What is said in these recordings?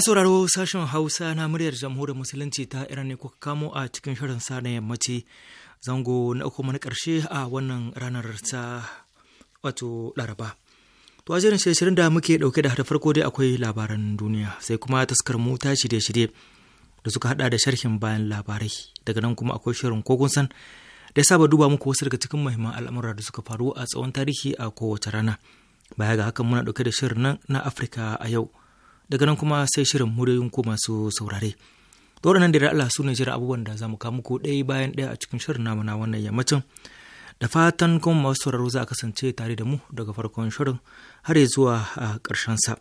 sauraro sashen Hausa na muryar jamhuriyar Musulunci ta Iran ne kuka kamo a cikin shirin sa na yammaci zango na uku na ƙarshe a wannan ranar ta wato Laraba. To a shirin da muke dauke da farko dai akwai labaran duniya sai kuma taskar mu ta shirye-shirye da suka hada da sharhin bayan labarai daga nan kuma akwai shirin ko kun san da saba duba muku wasu daga cikin muhimman al'amura da suka faru a tsawon tarihi a kowace rana baya ga hakan muna dauke da shirin nan na afirka a yau daga nan kuma sai shirin muryoyin ku masu saurare dole nan da Allah su ne jira abubuwan da za mu kawo muku ɗaya bayan ɗaya a cikin shirin namu na wannan yammacin da fatan kuma masu sauraro za a kasance tare da mu daga farkon shirin har zuwa a ƙarshen sa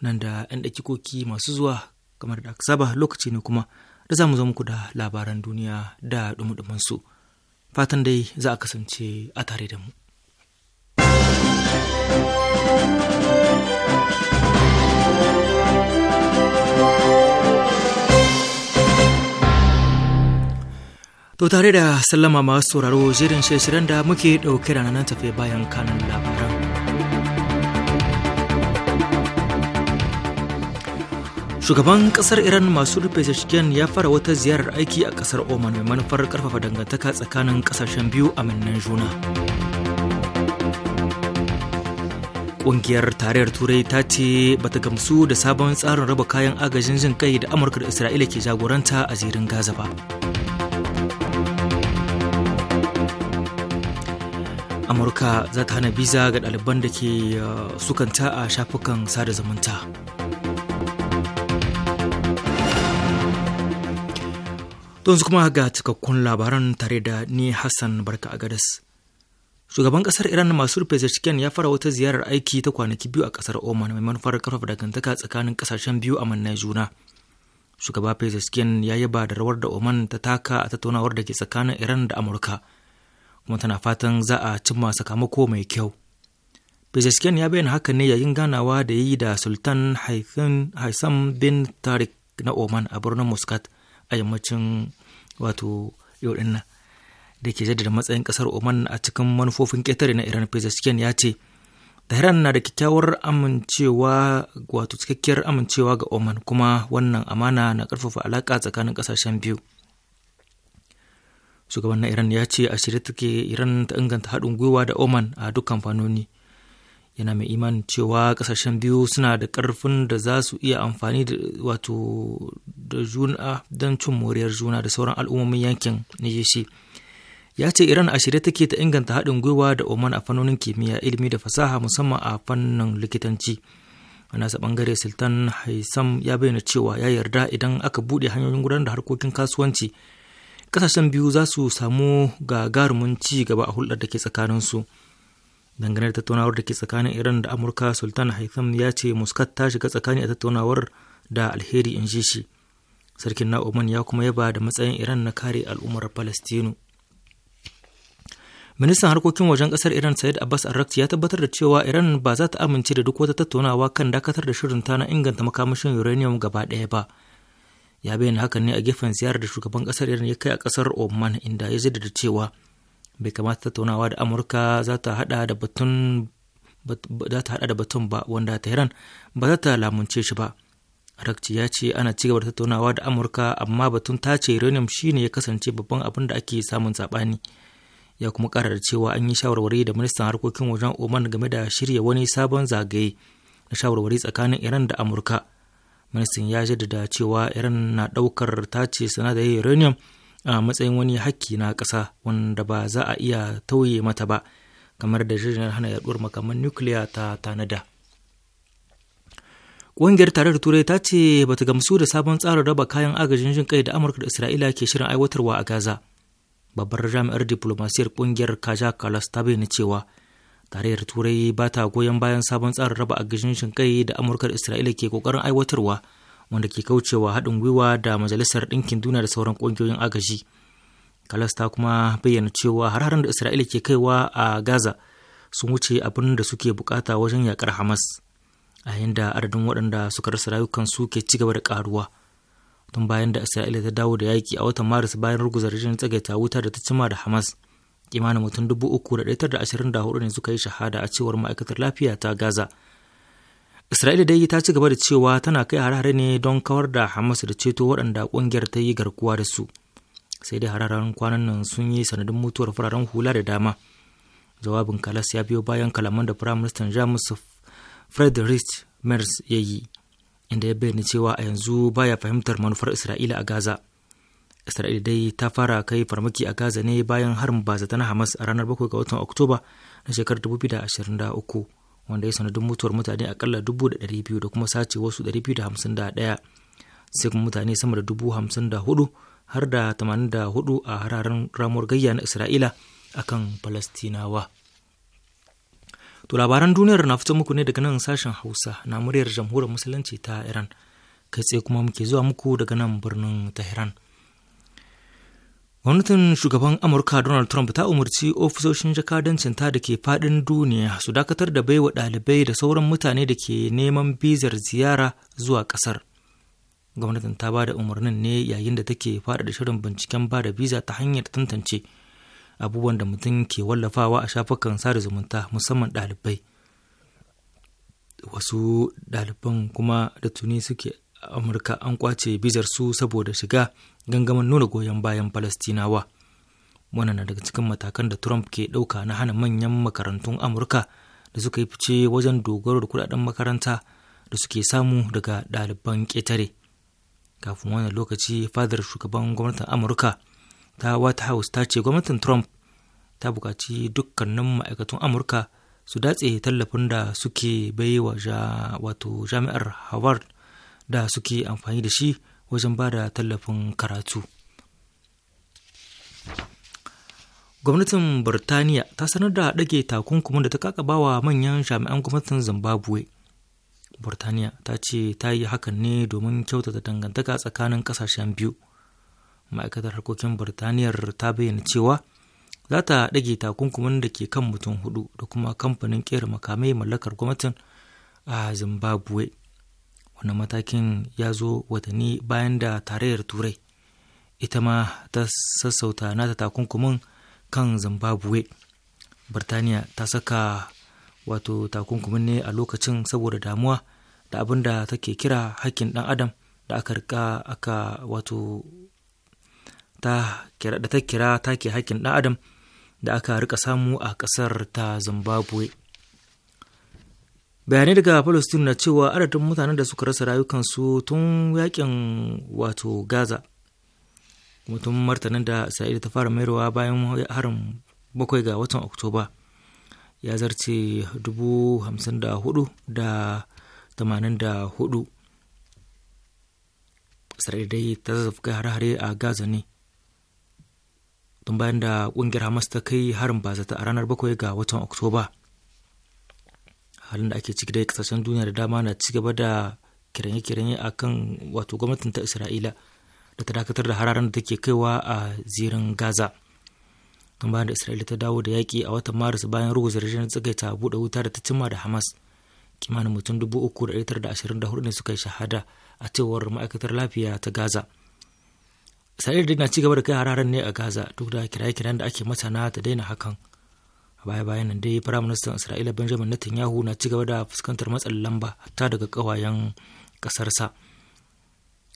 nan da 'yan dakikoki masu zuwa kamar da saba lokaci ne kuma da za mu zo muku da labaran duniya da dumudumansu fatan dai za a kasance a tare da mu. To tare da sallama masu sauraro shirin shirin da muke ɗauke da nan tafe bayan kanan labaran. Shugaban kasar Iran masu rufe Pezeshkian ya fara wata ziyarar aiki a kasar Oman mai manufar karfafa dangantaka tsakanin kasashen biyu a minnan juna. Ƙungiyar tarayyar Turai ta ce bata gamsu da sabon tsarin raba kayan agajin jin kai da Amurka da Isra'ila ke jagoranta a zirin Gaza ba. amurka za ta hana biza ga ɗaliban da ke uh, sukanta a shafukan sada zumunta yanzu kuma ga cikakkun labaran tare da ni hassan barka a gadas shugaban kasar iran masu rufe ya fara wata ziyarar aiki ta kwanaki biyu a kasar oman mai manufar karfafa dangantaka tsakanin kasashen biyu a manna juna shugaba pezeshkian ya yaba da rawar da oman ta taka a tattaunawar da ke tsakanin iran da amurka kuma tana fatan za a cimma sakamako mai kyau Pezeshkian ya bayyana haka ne yayin ganawa da yi da Sultan Haitham bin Tariq na Oman a birnin Muscat a yammacin wato yau nan da ke jaddada matsayin kasar Oman a cikin manufofin ƙetare na Iran Pezeshkian ya ce Tehran na da kyakkyawar amincewa wato cikakkiyar amincewa ga Oman kuma wannan amana na ƙarfafa alaƙa tsakanin ƙasashen biyu. shugaban na iran ya ce a shirye take iran ta inganta haɗin gwiwa da oman a dukkan fanoni yana mai imanin cewa kasashen biyu suna da ƙarfin da za su iya amfani da wato da juna don cin moriyar juna da sauran al'ummomin yankin nijishi ya ce iran a shirye take ta inganta haɗin gwiwa da oman a fannonin kimiyya ilimi da fasaha musamman a fannin likitanci a nasa bangare sultan haisam ya bayyana cewa ya yarda idan aka buɗe hanyoyin gudanar da harkokin kasuwanci kasashen biyu za su samu gagarumin ci gaba a hulɗar da ke tsakaninsu dangane da tattaunawar da ke tsakanin iran da amurka sultan haitham ya ce muscat ta shiga tsakani a tattaunawar da alheri in ji shi sarkin na'uman ya kuma yaba da matsayin iran na kare al'ummar palestinu ministan harkokin wajen kasar iran said abbas arrakt ya tabbatar da cewa iran ba za ta amince da duk wata tattaunawa kan dakatar da shirin ta na inganta makamashin uranium gaba ɗaya ba ya bayyana hakan ne a gefen ziyarar da shugaban kasar iran ya kai a kasar oman inda ya da cewa bai kamata tattaunawa da amurka za ta hada da batun za ta hada da ba wanda tehran ba za ta lamunce shi ba rakci ya ce ana ci gaba da tattaunawa da amurka amma batun tace uranium shine ya kasance babban abin da ake samun sabani ya kuma kara da cewa an yi shawarwari da ministan harkokin wajen oman game da shirya wani sabon zagaye na shawarwari tsakanin iran da amurka ministan ya jaddada cewa iran na ɗaukar tace sinadarin uranium a matsayin wani hakki na ƙasa wanda ba za a iya tauye mata ba kamar da jirgin hana yaduwar makaman nukiliya ta tanada ƙungiyar tarayyar turai ta ce ba ta gamsu da sabon tsarin raba kayan agajin jin kai da amurka da isra'ila ke shirin aiwatarwa a gaza babbar jami'ar diplomasiyar ƙungiyar kaja kalas ta bayyana cewa tarayyar turai ba ta goyon bayan sabon tsarin raba agajin shinkai da amurkar isra'ila ke kokarin aiwatarwa wanda ke kaucewa haɗin gwiwa da majalisar ɗinkin duniya da sauran ƙungiyoyin agaji kalas ta kuma bayyana cewa har-harin da isra'ila ke kaiwa a gaza sun wuce abin da suke bukata wajen yakar hamas a yayin da adadin waɗanda suka rasa su ke ci gaba da karuwa tun bayan da isra'ila ta dawo da yaƙi a watan maris bayan ruguzar jirgin tsagaita wuta da ta cima da hamas kimanin mutum da da 3,924 ne suka yi shahada a cewar ma'aikatar lafiya ta gaza isra'ila dai ta ci gaba da cewa tana kai harare ne don kawar da hamas da ceto waɗanda ƙungiyar ta yi garkuwa da su sai dai hararen kwanan nan sun yi sanadin mutuwar fararen hula da dama jawabin kalas ya biyo bayan kalaman da firaministan jamus frederick merz ya yi inda ya bayyana cewa a yanzu baya fahimtar manufar isra'ila a gaza Isra'ila dai ta fara kai farmaki a Gaza ne bayan harin bazata na Hamas a ranar 7 ga watan Oktoba na shekarar 2023 wanda ya sanadin mutuwar mutane akalla 200,000 da kuma sace wasu 251 sai kuma mutane sama da 54,000 har da 84 a hararen ramuwar gayya na Isra'ila akan Falastinawa. To labaran duniyar na fito muku ne daga nan sashen Hausa na muryar Jamhuriyar Musulunci ta Iran. Kai tsaye kuma muke zuwa muku daga nan birnin Tehran. gwamnatin shugaban amurka donald trump ta umarci ofisoshin jakadancin ta da ke fadin duniya su dakatar da baiwa ɗalibai da sauran mutane da ke neman bizar ziyara zuwa ƙasar gwamnatin ta ba da umarnin ne yayin da take da shirin binciken ba da biza ta hanyar tantance abubuwan da mutum ke wallafawa a shafukan sada zumunta musamman ɗalibai wasu ɗaliban kuma da tuni suke amurka an kwace bizar su saboda shiga gangamin nuna goyon bayan Falastinawa. Wannan na daga cikin matakan da Trump ke ɗauka na hana manyan makarantun Amurka da suka yi fice wajen dogaro da kuɗaɗen makaranta da suke samu daga ɗaliban ƙetare. Kafin wannan lokaci fadar shugaban gwamnatin Amurka ta White House ta ce gwamnatin Trump ta buƙaci dukkanin ma'aikatun Amurka su datse tallafin da suke baiwa wato jami'ar Harvard da suke amfani da shi wajen ba da tallafin karatu gwamnatin burtaniya ta sanar da ɗage takunkumin da ta kakaba wa manyan jami'an gwamnatin zimbabwe burtaniya ta ce ta yi hakan ne domin kyautata dangantaka tsakanin kasashen biyu ma'aikatar harkokin burtaniyar ta bayyana cewa za ta ɗage takunkumin da ke kan mutum hudu da kuma kamfanin ƙera makamai mallakar gwamnatin a zimbabwe wannan matakin ya zo watanni bayan da tarayyar turai ita ma ta sassauta nata takunkumin kan zimbabwe birtaniya ta saka wato takunkumin ne a lokacin saboda damuwa da abin da take kira hakkin dan adam da aka rika aka wato ta kira da ta kira hakkin ɗan adam da aka rika samu a ƙasar ta zimbabwe bayanai daga palestine na cewa adadin mutanen da suka rasa rayukansu tun yakin wato gaza mutum martanin da isra'ila ta fara mayarwa bayan harin bakwai ga watan oktoba ya zarce dubu hamsin da hudu da da hudu ta zafi hare-hare a gaza ne tun bayan da kungiyar hamas ta kai harin bazata a ranar bakwai ga watan oktoba halin da ake ciki dai kasashen duniya da dama na ci gaba da kiranye-kiranye a kan wato gwamnatin ta isra'ila da ta dakatar da hararen da take kaiwa a zirin gaza tun bayan da isra'ila ta dawo da yaƙi a watan maris bayan ruguza rijiyar tsagaita buɗe wuta da ta cimma da hamas kimanin mutum dubu uku da ɗaya da ashirin da hudu ne suka yi shahada a cewar ma'aikatar lafiya ta gaza isra'ila dai na ci gaba da kai hararen ne a gaza duk da kiraye-kirayen da ake mata na ta daina hakan a baya bayan nan dai firaministan isra'ila benjamin netanyahu na cigaba da fuskantar matsin lamba ta daga kawayen kasarsa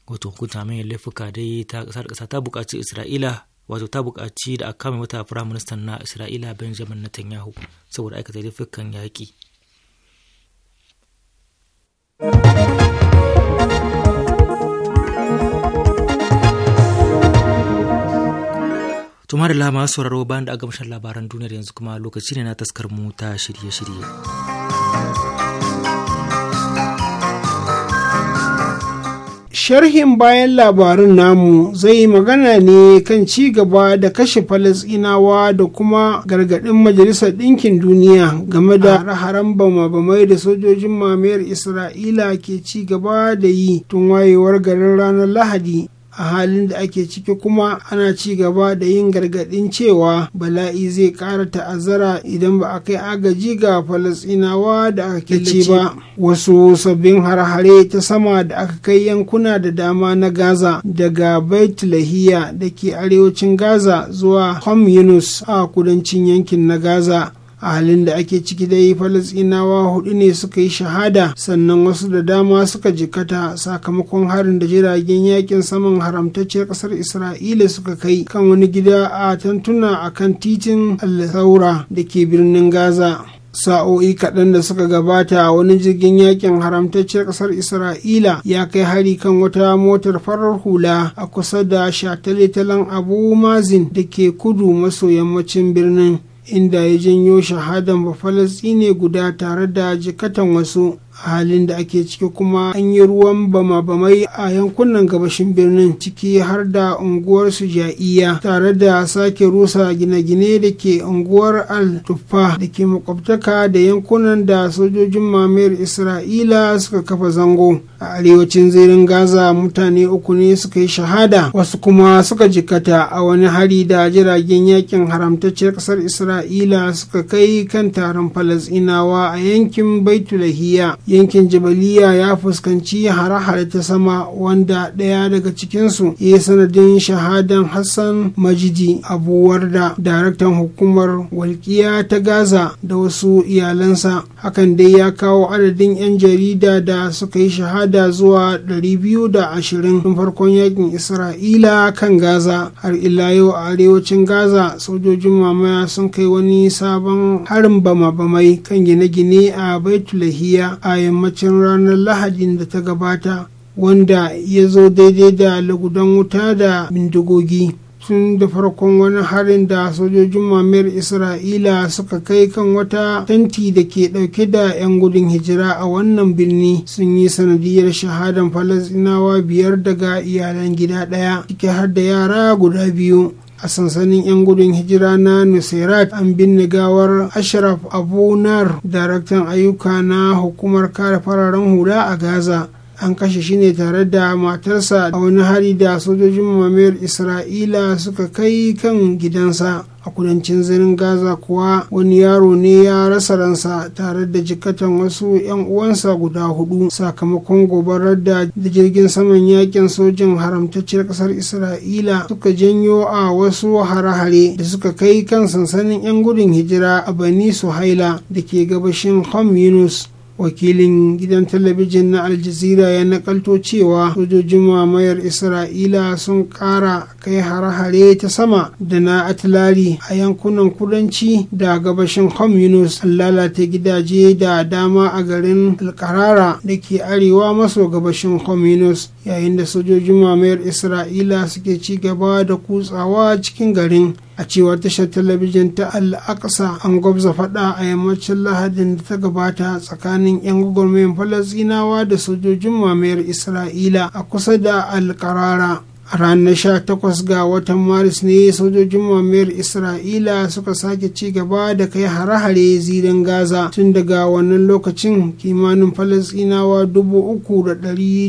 wato hukunta mai laifuka dai ta kasar kasa ta bukaci isra'ila wato ta bukaci da a kame mata firaministan na isra'ila benjamin netanyahu saboda aikata laifukan yaƙi Tuma da lama sauraro bayan da aka mashan labaran duniyar yanzu kuma lokaci ne na taskar mu ta shirye-shirye. Sharhin bayan labarin namu zai yi magana ne kan ci gaba da kashe Falasɗinawa da kuma gargaɗin Majalisar Ɗinkin Duniya game da hare bama-bamai da sojojin mamayar Isra'ila ke ci gaba da yi tun wayewar garin ranar Lahadi. a halin da ake ciki kuma ana ci gaba da yin gargaɗin cewa bala'i zai ƙara ta'azzara idan ba a kai agaji ga falasinawa da ake ci ba wasu sabbin harhare ta sama da aka kai yankuna da dama na gaza daga bait lahiya da ke arewacin gaza zuwa Hom yunus a kudancin yankin na gaza a halin da ake ciki dai falasinawa hudu ne suka yi shahada sannan wasu da dama suka jikata sakamakon harin da jiragen yakin saman haramtacciyar kasar isra'ila suka kai kan wani gida a tantuna a kan titin al da ke birnin gaza sa'o'i kaɗan da suka gabata wani jirgin yakin haramtacciyar ƙasar isra'ila ya kai hari kan wata motar farar hula a kusa da shataletalen abu mazin da ke kudu maso yammacin birnin inda ya janyo shahadan bafalasɗine guda tare da jikatan wasu halin da ake ciki kuma an yi ruwan bama-bamai a yankunan gabashin birnin ciki har da unguwar ja'iya tare da sake rusa gine-gine da ke unguwar al-tuffa da ke makwabtaka da yankunan da sojojin mamayar isra'ila suka kafa zango a arewacin zirin gaza mutane uku ne suka yi shahada wasu kuma suka jikata a wani hari da jiragen yakin haramtacciyar ƙasar isra'ila suka kai kan taron falasinawa a yankin baitulahiya yankin jabaliya ya fuskanci hare-hare ta sama wanda ɗaya daga cikinsu ya yi sanadin shahadan hassan majidi abuwar da daraktan hukumar walƙiya ta gaza da wasu iyalansa hakan dai ya kawo adadin 'yan jarida da suka yi shahada zuwa 220 tun farkon yakin isra'ila kan gaza har ila yau a arewacin gaza sojojin mamaya sun kai wani sabon harin bama-bamai kan gine-gine a baitulahiya a a yammacin ranar lahadin da ta gabata wanda ya zo daidai da lagudan wuta da bindigogi tun da farkon wani harin da sojojin mamayar isra'ila suka kai kan wata tanti da ke dauke da 'yan gudun hijira a wannan birni sun yi sanadiyar shahadan falasinawa biyar daga iyalan gida daya ciki har da yara guda biyu a sansanin 'yan gudun hijira na nusirat an binne gawar ashraf abu nar daraktan ayyuka na hukumar kare fararen hula a gaza an kashe shi ne tare da matarsa a wani hari da sojojin mamayar isra'ila suka kai kan gidansa a kudancin zirin gaza kuwa wani yaro ne ya rasa ransa tare da jikatan wasu 'yan uwansa guda hudu sakamakon gobarar da jirgin saman yakin sojin haramtacciyar kasar isra'ila suka janyo a wasu hare-hare da suka kai kan sansanin 'yan gudun hijira a bani suhaila da ke gabashin Hom yunus wakilin gidan talabijin na aljazira ya nakalto cewa sojojin mamayar isra'ila sun kara kai hare-hare ta sama da na atilari a yankunan kudanci da gabashin Hom yunus lalata gidaje da dama a garin alkarara da ke arewa maso gabashin Hom yunus yayin da sojojin mamayar isra'ila suke ci gaba da kutsawa cikin garin a cewar tashar talabijin ta al'aksa an gwabza faɗa a yammacin lahadin da ta gabata tsakanin 'yan gwagwarmayin falasinawa da sojojin mamayar isra'ila a kusa da alkarara a ranar takwas ga watan maris ne sojojin mamayar isra'ila suka sake ci gaba da kai hare-hare zirin gaza tun daga wannan lokacin kimanin falasinawa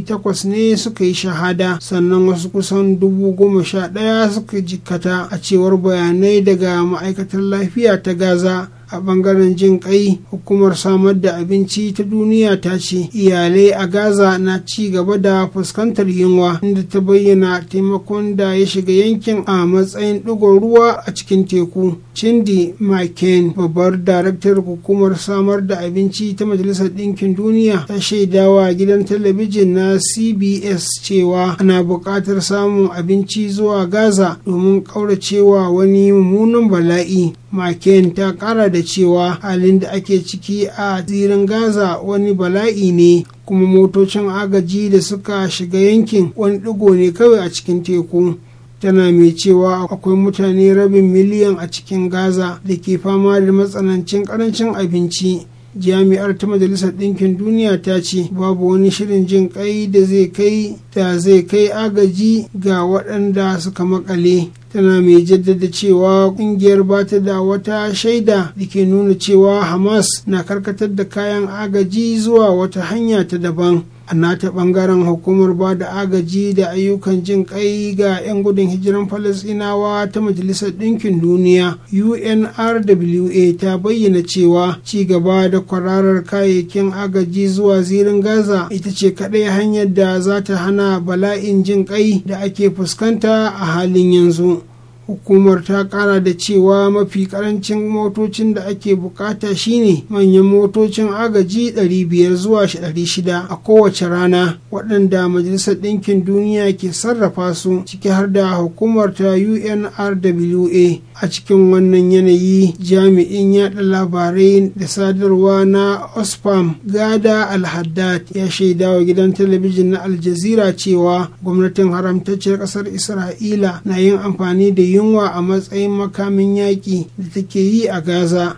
takwas ne suka yi shahada sannan wasu kusan dubu goma sha ɗaya suka jikkata a cewar bayanai daga ma'aikatar lafiya ta gaza a bangaren jin kai hukumar samar da abinci ta duniya ta ce iyalai a gaza na ci gaba da fuskantar yunwa inda ta bayyana taimakon da ya shiga yankin a matsayin ɗigon ruwa a cikin teku chindi maken babbar daraktar hukumar samar da abinci ta majalisar ɗinkin duniya ta shaidawa gidan talabijin na cbs cewa ana buƙatar samun abinci zuwa gaza domin ƙauracewa wani mummunan bala'i maken ta ƙara da cewa halin da ake ciki a tsirin gaza wani bala'i ne kuma motocin agaji da suka shiga yankin wani digo ne kawai a cikin teku tana mai cewa akwai mutane rabin miliyan a cikin gaza da ke fama da matsanancin karancin abinci jami'ar ta majalisar ɗinkin duniya ta ce babu wani shirin jin kai da zai kai da zai kai agaji ga waɗanda suka makale tana mai jaddada cewa kungiyar ba ta da wata shaida da ke nuna cewa hamas na karkatar da kayan agaji zuwa wata hanya ta daban a nata bangaren hukumar ba da agaji da ayyukan jin kai ga 'yan gudun hijiran falasinawa ta majalisar ɗinkin duniya unrwa ta bayyana cewa cigaba da kwararar kayayyakin agaji zuwa zirin gaza ita ce kaɗai hanyar da za ta hana bala'in jin kai da ake fuskanta a halin yanzu hukumar ta kara da cewa mafi karancin motocin da ake bukata shine manyan motocin agaji 500 zuwa 600 a kowace rana waɗanda majalisar ɗinkin duniya ke sarrafa su ciki har da hukumar ta unrwa a cikin wannan yanayi jami'in yada labarai da sadarwa na osfam gada alhaddad ya shaida wa gidan talabijin na aljazira cewa gwamnatin haramtacciyar ƙasar isra'ila na yin amfani da yunwa a matsayin makamin yaƙi da take yi a gaza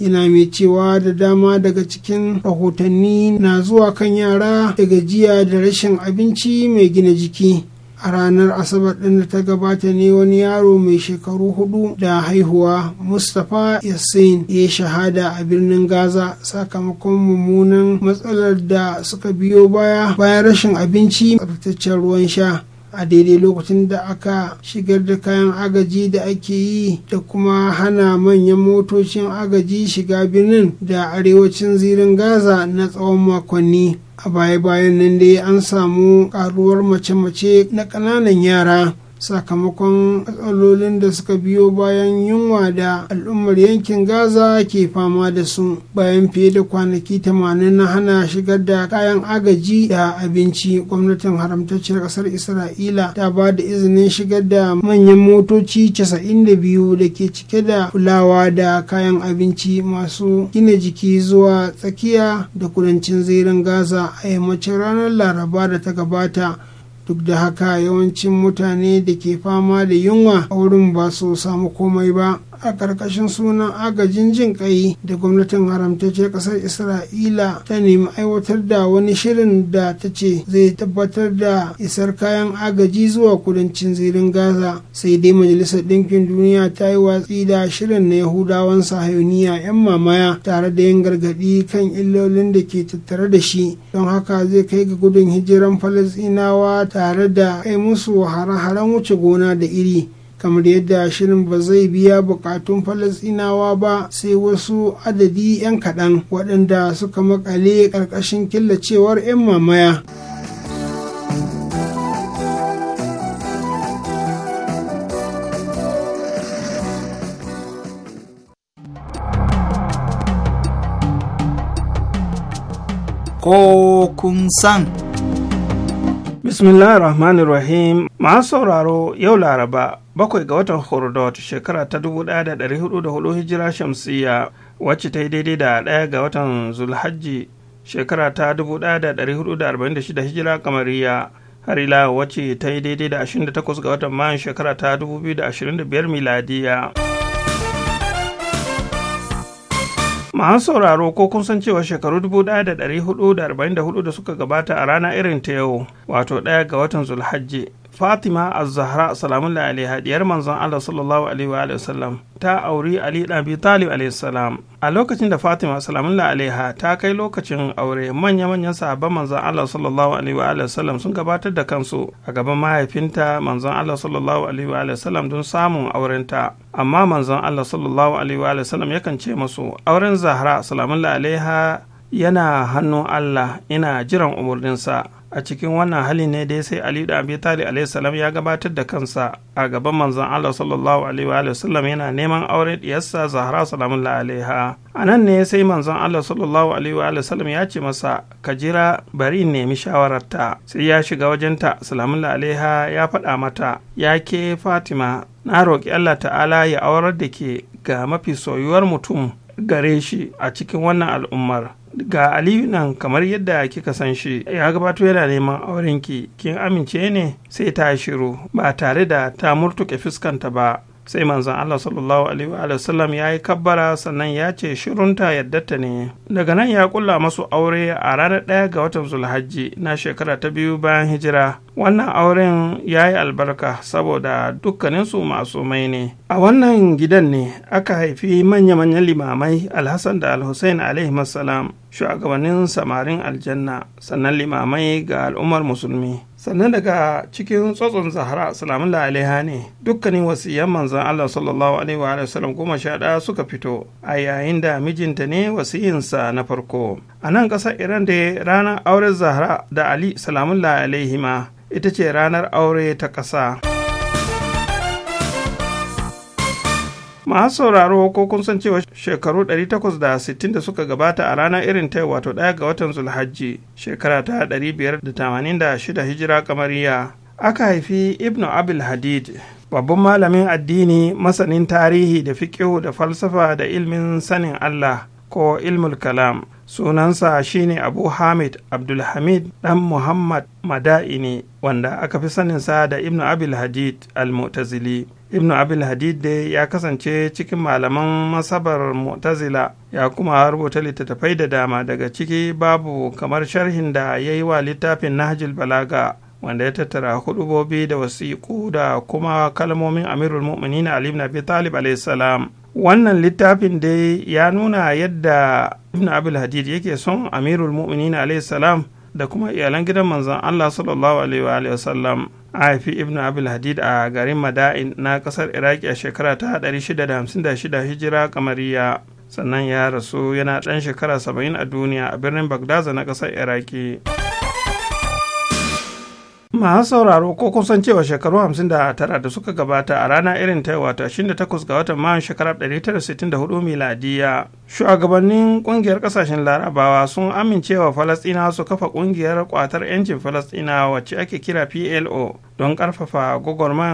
yana mai cewa da dama daga cikin rahotanni na zuwa kan yara da gajiya da rashin abinci mai gina jiki a ranar asabar ɗin da ta gabata ne wani yaro mai shekaru hudu da haihuwa mustapha yassin ya shahada a birnin gaza sakamakon mummunan matsalar da suka biyo baya bayan rashin abinci tsabtaccen ruwan sha a daidai lokacin da aka shigar da kayan agaji da ake yi da kuma hana manyan motocin agaji shiga birnin da arewacin zirin gaza na tsawon makonni a baya-bayan nan dai an samu karuwar mace-mace na ƙananan yara sakamakon matsalolin da suka biyo bayan yunwa da al'ummar yankin gaza ke fama da su bayan fiye da kwanaki tamanin na hana shigar da kayan agaji da abinci gwamnatin haramtacciyar kasar isra'ila ta ba da izinin shigar da manyan motoci 92 da ke cike da kulawa da kayan abinci masu gina jiki zuwa tsakiya da kudancin zirin gaza a yammacin ranar laraba da ta gabata duk da haka yawancin mutane da ke fama da yunwa a wurin ba su samu komai ba a ƙarƙashin sunan agajin jin ƙai da gwamnatin ce ƙasar isra'ila ta nemi aiwatar da wani shirin da ta ce zai tabbatar da isar kayan agaji zuwa kudancin zirin gaza sai dai majalisar ɗinkin duniya ta yi watsi da shirin na yahudawan sahayoniya 'yan mamaya tare da yin gargaɗi kan illolin da ke tattare da shi don haka zai kai ga gudun hijiran falasɗinawa tare da kai musu hare-haren wuce gona da iri kamar yadda shirin ba zai biya bukatun falasinawa ba sai wasu adadi 'yan kaɗan waɗanda suka makale ƙarƙashin killacewar 'yan mamaya. Ko kun san. bismillahir rahmanir rahim masu sauraro yau laraba bakwai ga watan hurdot shekara ta 1404 hijira shamsiya wacce ta yi daidai da ɗaya ga watan zulhajji shekara ta 1446 hijira kamariya har ila wacce ta yi daidai da 28 ga watan mayan shekara ta 2025 miladiya. masu sauraro ko kun san cewa shekaru 1444 da suka gabata a rana irin ta yau wato ɗaya ga watan zulhajji fatima az-zahra salamun da alaiha diyar manzon allah sallallahu alaihi wa sallam ta auri ali dan bi talib alaihi salam a lokacin da fatima salamun da alaiha ta kai lokacin aure manya manyan sahabban manzon allah sallallahu alaihi wa sallam sun gabatar da kansu a gaban mahaifinta manzon allah sallallahu alaihi wa sallam don samun aurenta amma manzon allah sallallahu alaihi wa sallam yakan ce musu auren zahra salamun da alaiha yana hannun allah ina jiran umurninsa. a cikin wannan hali ne dai sai ali da abi talib alaihi salam ya gabatar da kansa a gaban manzon Allah sallallahu alaihi wa sallam yana neman auren diyarsa Zahra salamullahi alaiha a nan ne sai manzon Allah sallallahu alaihi wa sallam ya ce masa ka jira bari in nemi shawararta sai ya shiga wajenta salamullahi alaiha ya faɗa mata ya ke Fatima na roƙi Allah ta'ala ya aurar da ke ga mafi soyuwar mutum gare shi a cikin wannan al'ummar ga aliyu nan kamar yadda kika san shi ya gabato yana neman aurenki kin amince ne sai ta shiru ba tare da ta murtuke fuskanta ba sai manzon Allah sallallahu alaihi wa sallam ya yi kabbara sannan ya ce shirunta ta ne daga nan ya kulla masu aure a ranar ɗaya ga watan zulhajji na shekara ta biyu bayan hijira wannan auren ya yi albarka saboda dukkaninsu masumai ne a wannan gidan ne aka haifi manya-manyan limamai alhassan da alhussein alaihi shugabannin samarin aljanna sannan limamai ga al'ummar musulmi sannan daga cikin tsotson zahara salamun alaiha ne dukkanin wasiyan manzan Allah sallallahu alaihi wa sallam goma sha ɗaya suka fito a yayin da mijinta ne wasiyinsa na farko a nan ƙasar iran da ranar auren zahara da ali salamun alaihi ma ita ce ranar aure ta ƙasa. masu sauraro ko kun san cewa shekaru 860 da suka gabata a ranar irin ta wato ɗaya ga watan zulhajji shekara ta 586 hijira kamariya aka haifi ibnu abil hadid babban malamin addini masanin tarihi da fiƙihu da falsafa da ilmin sanin allah ko ilmul kalam sunansa shine abu hamid abdulhamid dan muhammad Mada'i ne. wanda aka fi saninsa da ibnu abil hadid al-mu'tazili ibnu abil hadid dai ya kasance cikin malaman masabar mu'tazila ya kuma rubuta littattafai da dama daga ciki babu kamar sharhin da ya yi wa littafin nahjul balaga wanda ya tattara hudubobi da wasiƙu da kuma kalmomin amirul mu'minin ali ibn abi talib alayhi wannan littafin dai ya nuna yadda ibn abul hadid yake son amirul mu'minin alaihi salam da kuma iyalan gidan manzon allah sallallahu alaihi wa sallam haifi ibn abul hadid a garin mada'in na kasar iraki a shekara ta 656 hijira kamariya sannan ya rasu yana ɗan shekara 70 a duniya a birnin bagdaza na kasar iraki masu sauraro ko kun san cewa shekaru 59 da suka gabata a rana irin ta wato 28 ga watan mayan shekarar 1964 miladiya shugabannin kungiyar kasashen larabawa sun amincewa Falasɗina su kafa kungiyar kwatar yancin Falasɗina wacce ake kira plo don karfafa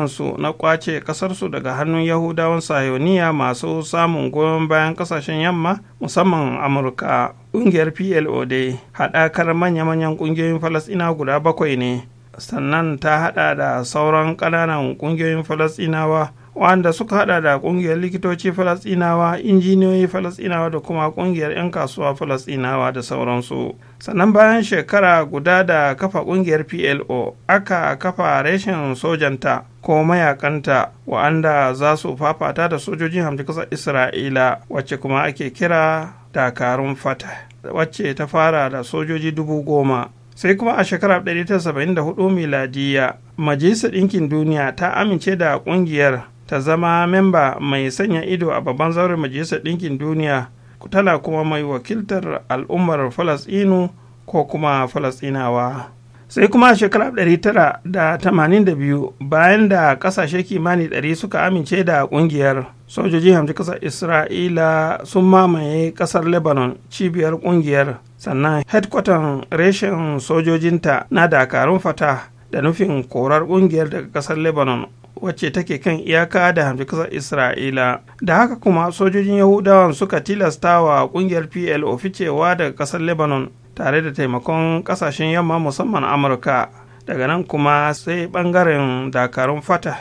su na kwace kasarsu daga hannun yahudawan sayoniya masu samun goyon bayan kasashen yamma musamman amurka kungiyar plo dai haɗakar manya-manyan kungiyoyin falastina guda bakwai ne sannan ta haɗa da sauran ƙananan ƙungiyoyin falasɗinawa wanda suka haɗa da ƙungiyar likitoci falasinawa injiniyoyi falasinawa da kuma ƙungiyar 'yan kasuwa falasinawa da sauransu sannan bayan shekara guda da kafa ƙungiyar plo aka kafa reshen sojanta ko mayakanta wa'anda za su fafata da sojojin hamdi ƙasar isra'ila wacce kuma ake kira dakarun fata wacce ta fara da sojoji dubu goma sai kuma a shekarar 1974 miladiya majalisar ɗinkin duniya ta amince da ƙungiyar ta zama memba mai sanya ido a babban zauren majalisar ɗinkin duniya tana kuma mai wakiltar al'ummar falasɗinu ko kuma falasɗinawa sai kuma a shekarar 1982 bayan da ƙasashe kimani 100 suka amince da ƙungiyar sojoji hamci ƙasar isra'ila sun mamaye ƙasar lebanon cibiyar ƙungiyar sannan hedkwatan reshen sojojinta na dakarun fata da nufin korar kungiyar daga kasar lebanon wacce take kan iyaka da hamshi kasar isra'ila da haka kuma sojojin yahudawan suka tilasta wa kungiyar plo ficewa daga kasar lebanon tare da taimakon kasashen yamma musamman amurka daga nan kuma sai bangaren dakarun fata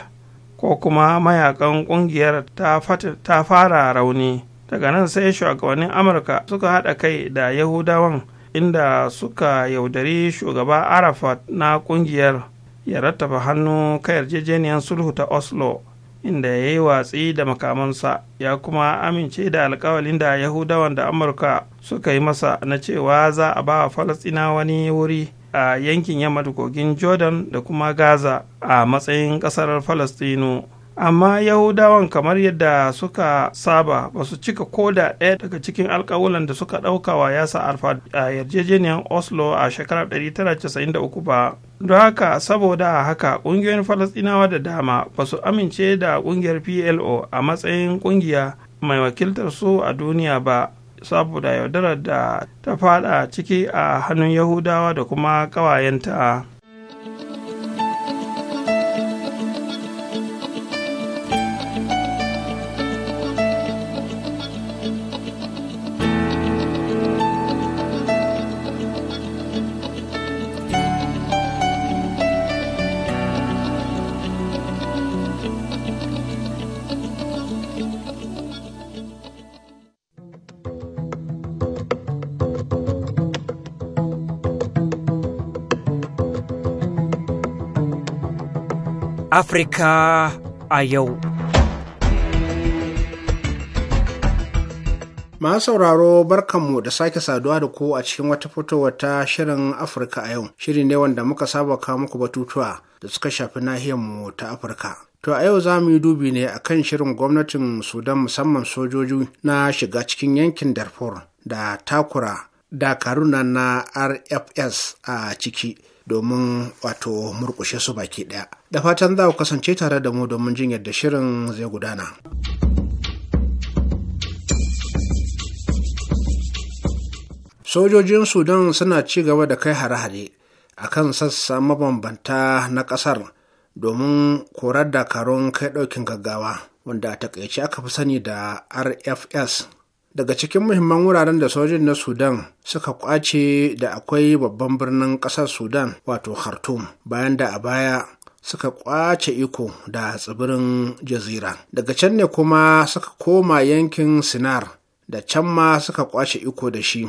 ko kuma mayakan kungiyar ta fara rauni daga nan sai shugabannin amurka suka haɗa kai da yahudawan inda suka yaudari shugaba arafat na ƙungiyar ya rattaba hannu kai yarjejeniyar sulhu ta oslo inda ya yi watsi da makamansa ya kuma amince da alkawalin da yahudawan da amurka suka yi masa na cewa za a ba wa falastina wani wuri a yankin yamma kogin jordan da kuma gaza a matsayin kasar falastinu amma yahudawan kamar yadda suka saba ba su cika koda ɗaya daga cikin alkawulan da suka ɗauka wa yasa alfa a yarjejeniyar oslo a shekarar 1993 ba don haka saboda haka ƙungiyoyin falasɗinawa da dama ba su amince da ƙungiyar plo a matsayin ƙungiya mai wakiltar su a duniya ba saboda yaudarar da ta fada ciki a hannun yahudawa da kuma ƙawayenta. Afirka a yau. Ma sauraro barkanmu da sake saduwa da ku a cikin wata fitowa ta shirin Afirka a yau. Shiri ne wanda muka saba kawo muku batutuwa da suka shafi nahiyarmu ta Afirka. To a yau za mu yi dubi ne a kan shirin gwamnatin Sudan musamman sojoji na shiga cikin yankin Darfur da takura da Karuna na RFS a ciki. domin wato murkushe su baki ɗaya. Da fatan za ku kasance tare da mu domin jin yadda shirin zai gudana. Sojojin Sudan suna ci gaba da kai hare-hare a kan sassa mabambanta na ƙasar domin korar dakarun kai ɗaukin gaggawa wanda a takaice aka fi sani da RFS daga cikin muhimman wuraren da sojin na sudan suka kwace da akwai babban birnin ƙasar sudan wato khartoum bayan da a baya suka kwace iko da tsibirin jazira daga can ne kuma suka koma yankin sinar da can ma suka kwace iko da shi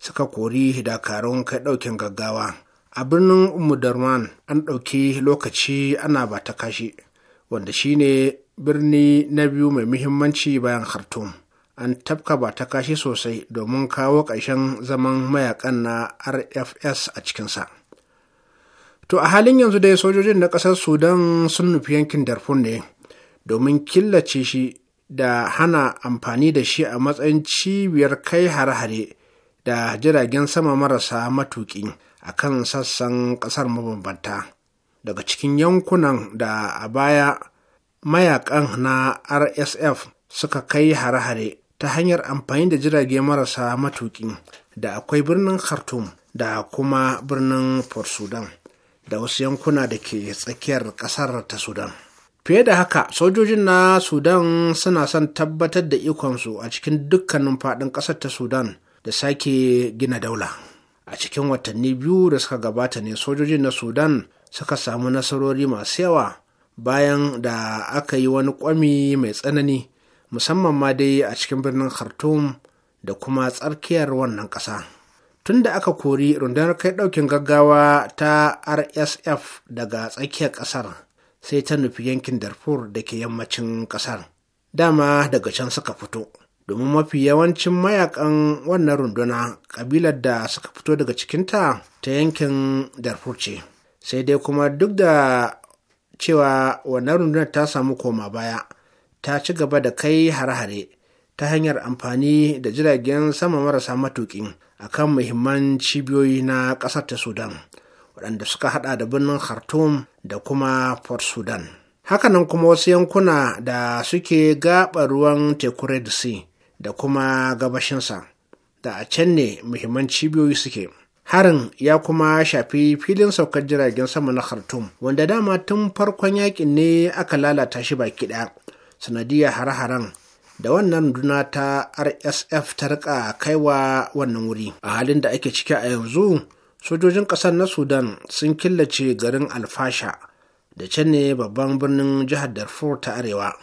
suka kori dakarun kai ɗaukin gaggawa a birnin umudarman an ɗauki lokaci ana ba ta kashi wanda shine birni na biyu mai muhimmanci bayan khartoum an tafka ba ta kashi sosai domin kawo ƙarshen zaman mayakan na rfs a cikinsa to a halin yanzu dai sojojin na ƙasar sudan sun nufi yankin darfur ne domin killace shi da hana amfani da shi a matsayin cibiyar kai hare-hare da jiragen sama marasa matuƙi a kan sassan ƙasar mabambanta daga cikin yankunan da a baya mayakan na rsf suka kai hare-hare ta hanyar amfani da jirage marasa matuƙi da akwai birnin khartoum da kuma birnin port sudan da wasu yankuna da ke tsakiyar ƙasar ta sudan fiye da haka sojojin na sudan suna son tabbatar da ikonsu a cikin dukkanin faɗin ƙasar ta sudan da sake gina daula a cikin watanni biyu da suka gabata ne sojojin na sudan suka samu nasarori masu yawa bayan da aka yi wani kwami mai tsanani musamman ma dai a cikin birnin khartoum da kuma tsarkiyar wannan ƙasa tun da aka kori rundunar kai ɗaukin gaggawa ta rsf daga tsakiyar ƙasar sai ta nufi yankin darfur da ke yammacin ƙasar dama daga can suka fito domin mafi yawancin mayakan wannan runduna kabilar da suka fito daga cikinta ta yankin darfur ce sai dai kuma duk da cewa wannan rundunar ta samu koma baya ta ci gaba da kai hare-hare ta hanyar amfani da jiragen sama marasa matuƙi a kan muhimman cibiyoyi na ƙasar ta sudan waɗanda suka haɗa da birnin khartoum da kuma port sudan hakanan kuma wasu yankuna da suke gaɓa ruwan teku red sea da kuma gabashinsa da a can ne muhimman cibiyoyi suke harin ya kuma shafi filin saukar jiragen sama na khartoum wanda dama tun farkon yakin ne aka lalata shi baki ɗaya sanadiyar hare-haren da wannan runduna ta rsf ta rika kaiwa wannan wuri a halin da ake ciki a yanzu sojojin ƙasar na sudan sun killace garin alfasha da can ne babban birnin jihar darfur ta arewa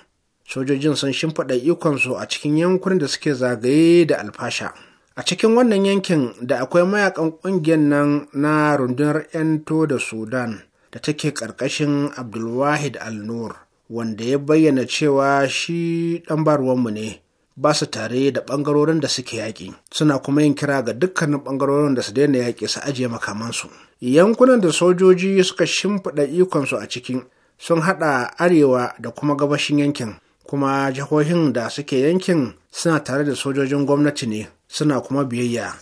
sojojin sun shimfiɗa ikonsu a cikin yankunan da suke zagaye da alfasha a cikin wannan yankin da akwai mayakan ƙungiyar nan na rundunar 'yanto da sudan da take ƙarƙashin abdulwahid al-nur wanda ya bayyana cewa shi ɗan baruwanmu ne ba su tare da ɓangarorin da suke yaƙi suna kuma yin kira ga dukkanin ɓangarorin da su daina yaƙi su ajiye makamansu yankunan da sojoji suka shimfiɗa ikonsu a cikin sun haɗa arewa da kuma gabashin yankin kuma jihohin da suke yankin suna tare da sojojin gwamnati ne suna kuma biyayya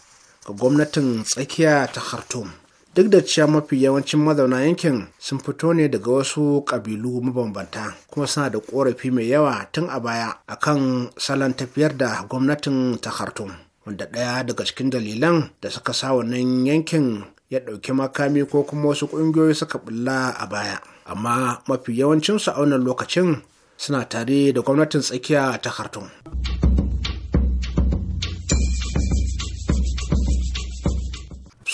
ga gwamnatin tsakiya ta khartoum duk da cewa mafi yawancin mazauna yankin sun fito ne daga wasu ƙabilu mabambanta kuma suna da ƙorafi mai yawa tun a baya akan salon tafiyar da gwamnatin ta khartoum wanda ɗaya daga cikin dalilan da suka sa wannan yankin ya ɗauki makami ko kuma wasu ƙungiyoyi suka bulla a baya amma mafi yawancinsu a wannan lokacin suna tare da gwamnatin tsakiya ta khartoum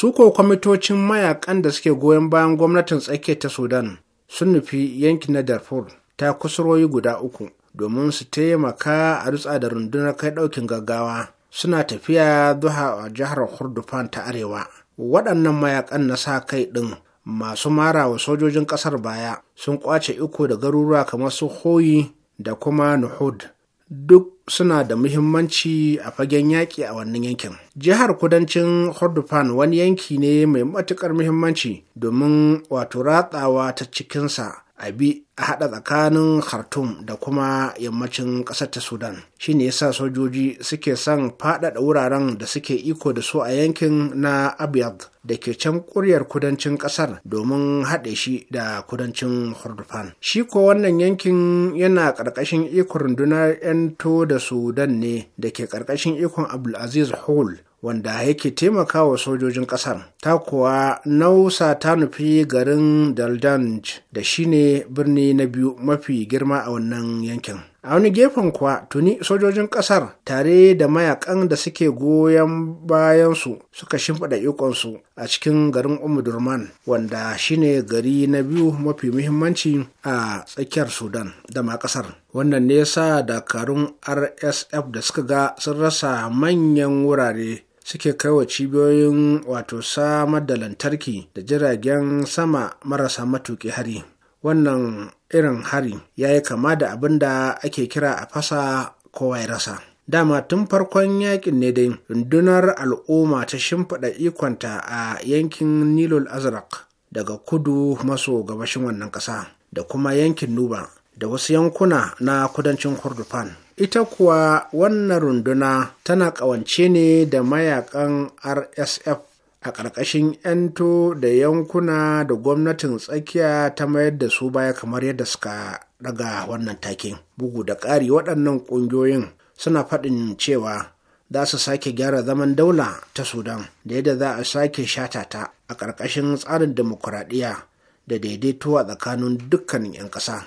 su ko kwamitocin mayakan da suke goyon bayan gwamnatin tsakiyar ta sudan sun nufi yankin na darfur ta kusuroyi guda uku domin su taimaka a dutsa da rundunar kai daukin gaggawa suna tafiya zuwa a jihar kurdufan ta arewa waɗannan mayakan na sa kai ɗin masu mara wa sojojin ƙasar baya sun kwace iko da garuruwa kamar su hoyi da kuma nuhud duk suna da muhimmanci a fagen yaƙi a wannan yankin. Jihar kudancin Hordofan wani yanki ne mai matuƙar muhimmanci domin wato ratsawa ta cikinsa a bi a haɗa tsakanin khartoum da kuma yammacin ƙasar ta sudan shi shine yasa sojoji suke son faɗaɗa wuraren da suke iko da su a yankin na abyad da ke can ƙuryar kudancin ƙasar domin haɗe shi da kudancin hordofan shi ko wannan yankin yana ƙarƙashin ikon rundunar 'yanto da sudan ne da ke ƙarƙashin ikon abdulaziz Hall. wanda yake taimakawa sojojin kasar. ta kuwa nausa ta nufi garin daldanj da shine birni na biyu mafi girma a wannan yankin a wani gefen kuwa tuni sojojin kasar? tare da mayakan da suke goyon bayansu suka shimfiɗa ikonsu a cikin garin umudurman wanda shine gari na biyu mafi muhimmanci a tsakiyar sudan da ma ƙasar wannan ne yasa dakarun rsf da suka ga sun rasa manyan wurare suke kaiwa cibiyoyin wato samar da lantarki da jiragen sama marasa matuƙi hari wannan irin hari ya yi kama da abin da ake kira a fasa kowa ya rasa dama tun farkon yakin ne dai rundunar al'umma ta shimfiɗa ikonta a yankin nilul azraq daga kudu maso gabashin wannan ƙasa da kuma yankin nuba da wasu yankuna na kudancin kurdufan ita kuwa wannan runduna tana ƙawance ne da mayakan rsf a ƙarƙashin 'yanto da yankuna da gwamnatin tsakiya ta mayar da su baya kamar yadda suka daga wannan takin bugu da ƙari waɗannan ƙungiyoyin suna faɗin cewa za su sake gyara zaman daula ta sudan da yadda za a sake shata ta a ƙarƙashin tsarin demokuraɗiyya da daidaito a tsakanin dukkanin 'yan ƙasa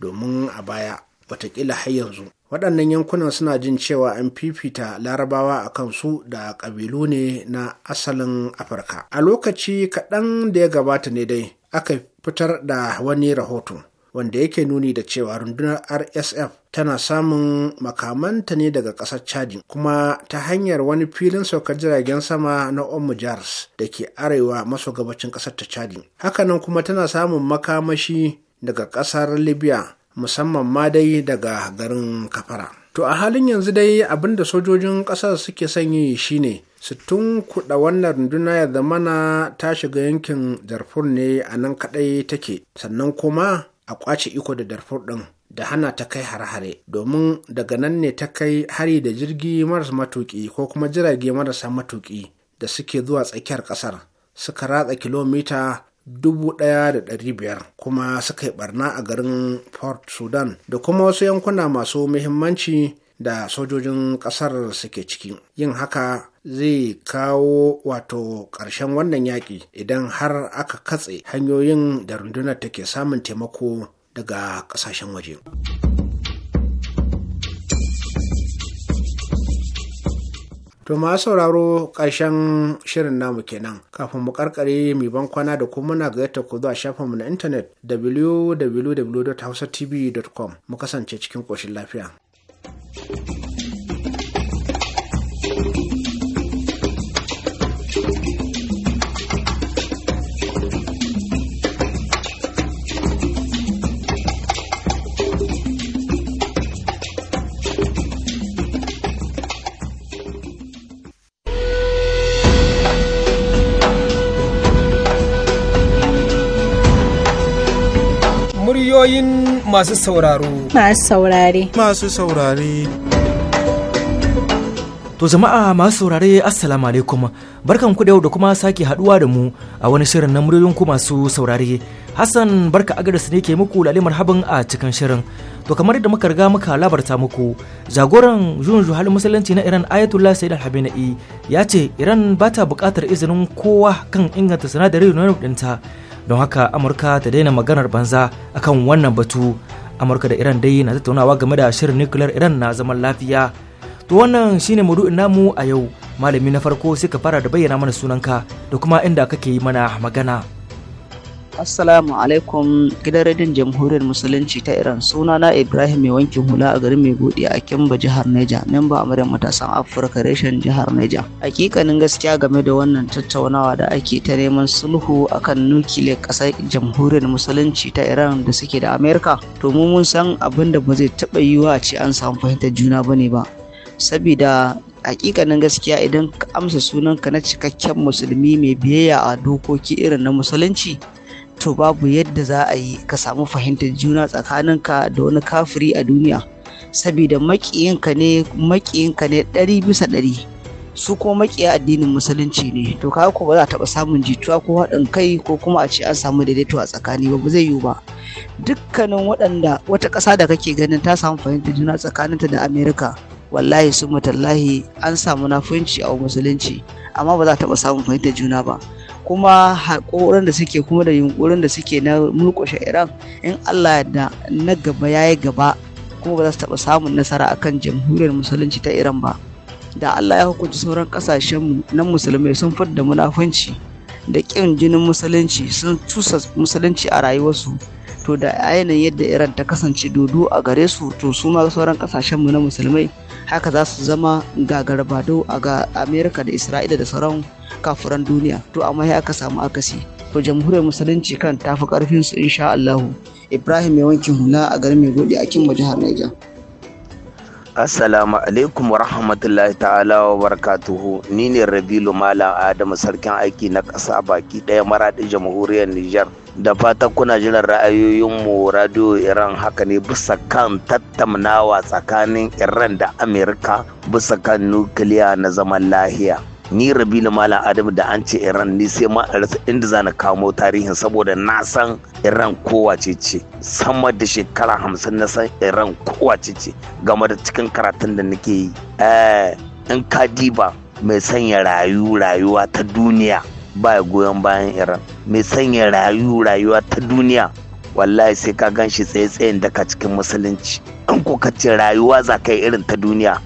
domin a baya watakila har yanzu waɗannan yankunan suna jin cewa an fifita larabawa a kansu da ƙabilu ne na asalin afirka a lokaci kaɗan da ya gabata ne dai aka fitar da wani rahoto wanda yake nuni da cewa rundunar rsf tana samun makamanta ne daga ƙasar chadi kuma ta hanyar wani filin saukar jiragen sama na omu jars da ke arewa maso gabacin ƙasar ta chadi hakanan kuma tana samun makamashi daga ƙasar libya musamman ma dai daga garin kafara to a halin yanzu dai abin da sojojin ƙasar suke son sanyi shine su kuɗa wannan runduna ya zamana ta shiga yankin darfur ne a nan kaɗai take sannan kuma a ƙwace iko da darfur ɗin da hana ta kai hare-hare domin daga nan ne ta kai hari da jirgi maras matuƙi ko kuma jirage marasa matuƙi da suke zuwa tsakiyar ƙasar suka ratsa kilomita 1,500 kuma suka yi barna a garin port sudan da kuma wasu yankuna masu muhimmanci da sojojin ƙasar suke ciki yin haka zai kawo wato ƙarshen wannan yaƙi idan har aka katse hanyoyin da rundunar take samun taimako daga ƙasashen waje. To ma sauraro ƙarshen shirin namu kenan. Kafin mu karkare mai ban kwana da kuma muna gayyata ku zuwa shafinmu na intanet www.hausatv.com mu kasance cikin koshin lafiya. Ra'ayoyin masu sauraro. Masu saurare. Masu saurare. To jama'a masu saurare assalamu alaikum barkan ku da yau da kuma sake haduwa da mu a wani shirin na muryoyin ku masu saurare Hassan barka agaris ne ke muku lalle marhaban a cikin shirin to kamar yadda muka riga muka labarta muku jagoran jun juhal musulunci na Iran ayatullah Sayyid al ya ce Iran bata bukatar izinin kowa kan inganta sanadarin uranium ɗinta don haka amurka ta daina maganar banza akan wannan batu amurka da iran dai na tattaunawa game da shirin nuclear iran na zaman lafiya to wannan shine maudu'in namu a yau malami na farko sai ka fara da bayyana mana sunanka da kuma inda kake yi mana magana Assalamu alaikum gidan radin jamhuriyar musulunci ta Iran suna na Ibrahim mai wankin hula a garin mai buɗe a Kimba jihar Neja memba amaryar matasan Afirka reshen jihar Neja. Hakikanin gaskiya game da wannan tattaunawa da ake ta neman sulhu akan nukile kasar jamhuriyar musulunci ta Iran da suke da Amerika to mu mun san abin da ba zai taba yiwa a ce an samu fahimtar juna bane ba. Sabida hakikanin gaskiya idan ka amsa sunanka na cikakken musulmi mai biyayya a dokoki irin na musulunci to babu yadda za a yi ka samu fahimtar juna tsakaninka da wani kafiri a duniya saboda makiyinka ne makiyinka ne ɗari bisa ɗari su kuma makiya addinin musulunci ne to ka ko ba za taɓa samun jituwa ko haɗin kai ko kuma a ce an samu daidaito a tsakani ba ba zai yiwu ba dukkanin waɗanda wata ƙasa da kake ganin ta samu fahimtar juna tsakaninta da amerika wallahi su matallahi an samu nafunci a musulunci amma ba za taɓa samun fahimtar juna ba kuma haƙorin da suke kuma da yunkurin da suke na murƙushe iran in allah da na gaba ya yi gaba kuma ba za su taɓa samun nasara akan jamhuriyar musulunci ta iran ba da allah ya hukunci sauran ƙasashenmu na musulmai sun fadda munafunci da ƙin jinin musulunci sun cusa musulunci a rayuwarsu to da ainihin yadda iran ta kasance dodo a gare su to su ma sauran kasashen mu na musulmai haka za su zama gagarbado a ga amerika da isra'ila da sauran kafuran duniya to amma ya aka samu akasi to jamhuriyar musulunci kan ta karfin su insha allah ibrahim mai wankin hula a garin mai gode a kimba jihar niger Assalamu alaikum wa rahmatullahi ta'ala wa barakatuhu ni ne Rabilu Malam Adamu sarkin aiki na ƙasa baki ɗaya maraɗin jamhuriyar Nijar. da fatan kuna jiran ra'ayoyinmu radio iran haka ne bisa kan tattaunawa tsakanin iran da amerika bisa kan nukiliya na zaman lahiya ni rabi na malam adam da an ce iran ni sai ma rasa inda za na kamo tarihin saboda na san iran kowa ce ce sama da shekara hamsin na san iran kowa ce ce game da cikin karatun da nake yi eh, in ka kadiba mai sanya rayu rayuwa ta duniya ba goyon bayan iran mai sanya rayu rayuwa ta duniya wallahi sai ka gan shi tsaye tsayin daga cikin musulunci in ko ce rayuwa za ka yi irin ta duniya